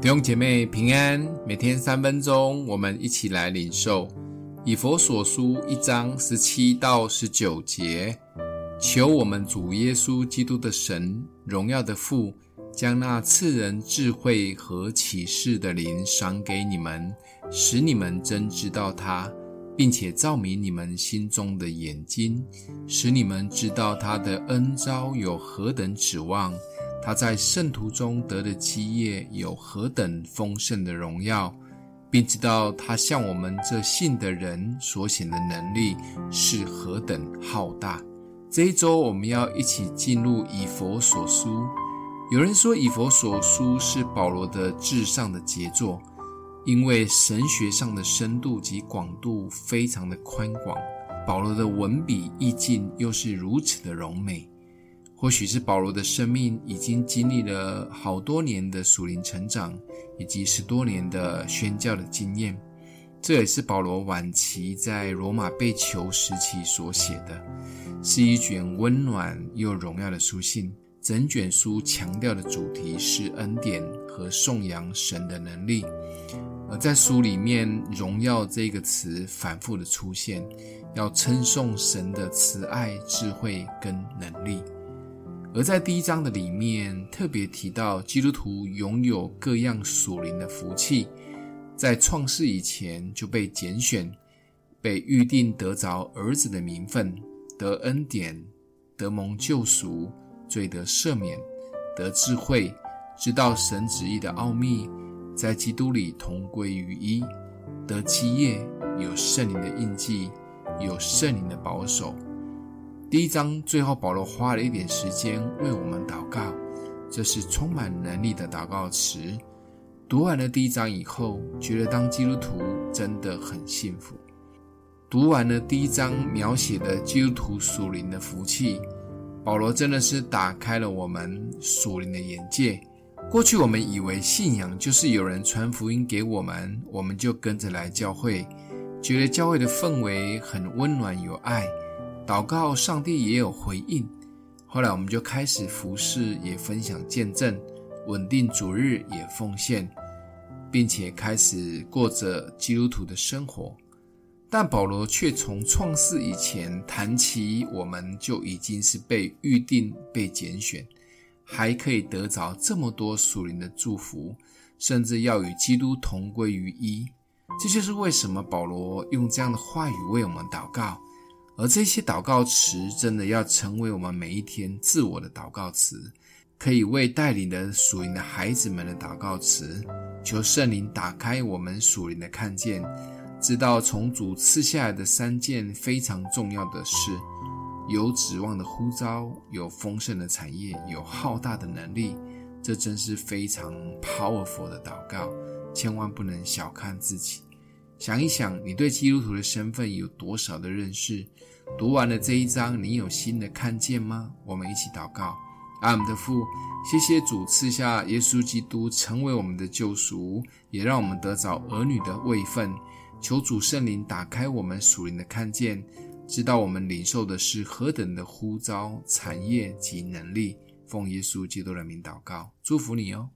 弟兄姐妹平安，每天三分鐘，我們一起來領受《以弗所書》一章十七到十九節，求我們主耶穌基督的神榮耀的父，將那賜人智慧和啟示的靈賞給你們，使你們真知道他，並且照明你們心中的眼睛，使你們知道他的恩召有何等指望。他在聖徒中得的基業有何等豐盛的榮耀，並知道他向我們這信的人所顯的能力是何等浩大。這一周我們要一起進入以弗所書。有人說以弗所書是保羅的至上的傑作，因為神學上的深度及廣度非常的寬廣，保羅的文筆意境又是如此的榮美。或許是保羅的生命已經經歷了好多年的屬靈成長，以及十多年的宣教的經驗。這也是保羅晚期在羅馬被囚時期所寫的，是一卷溫暖又榮耀的書信。整卷書強調的主題是恩典和頌揚神的能力。而在書裡面，“榮耀”這個詞反覆的出現，要稱頌神的慈愛、智慧跟能力。而在第一章的裡面，特別提到基督徒擁有各樣屬靈的福氣，在創世以前就被揀選，被預定得着兒子的名分，得恩典，得蒙救贖，罪得赦免，得智慧，知道神旨意的奧秘，在基督裡同歸於一，得基業，有聖靈的印記，有聖靈的保守。第一章最後，保羅花了一點時間為我們禱告，這是充滿能力的禱告詞。讀完了第一章以後，覺得當基督徒真的很幸福。讀完了第一章描寫的基督徒屬靈的福氣，保羅真的是打開了我們屬靈的眼界。過去我們以為信仰就是有人傳福音給我們，我們就跟着來教會，覺得教會的氛圍很溫暖有愛。禱告，上帝也有回應。後來我們就開始服事，也分享見證，穩定主日，也奉獻，並且開始過着基督徒的生活。但保羅卻從創世以前談起，我們就已經是被預定、被揀選，還可以得着這麼多屬靈的祝福，甚至要與基督同歸於一。這就是為什麼保羅用這樣的話語為我們禱告。而這些禱告詞真的要成為我們每一天自我的禱告詞，可以為帶領的屬靈的孩子們的禱告詞。求聖靈打開我們屬靈的看見，知道從主賜下來的三件非常重要的事：有指望的呼召，有豐盛的產業，有浩大的能力。這真是非常 powerful 的禱告，千萬不能小看自己。想一想，你對基督徒的身份有多少的認識？讀完了這一章，你有新的看見嗎？我們一起禱告：愛我們的父，謝謝主賜下耶穌基督成為我們的救贖，也讓我們得著兒女的位分。求主聖靈打開我們屬靈的看見，知道我們領受的是何等的呼召、產業及能力。奉耶穌基督的名禱告，祝福你哦。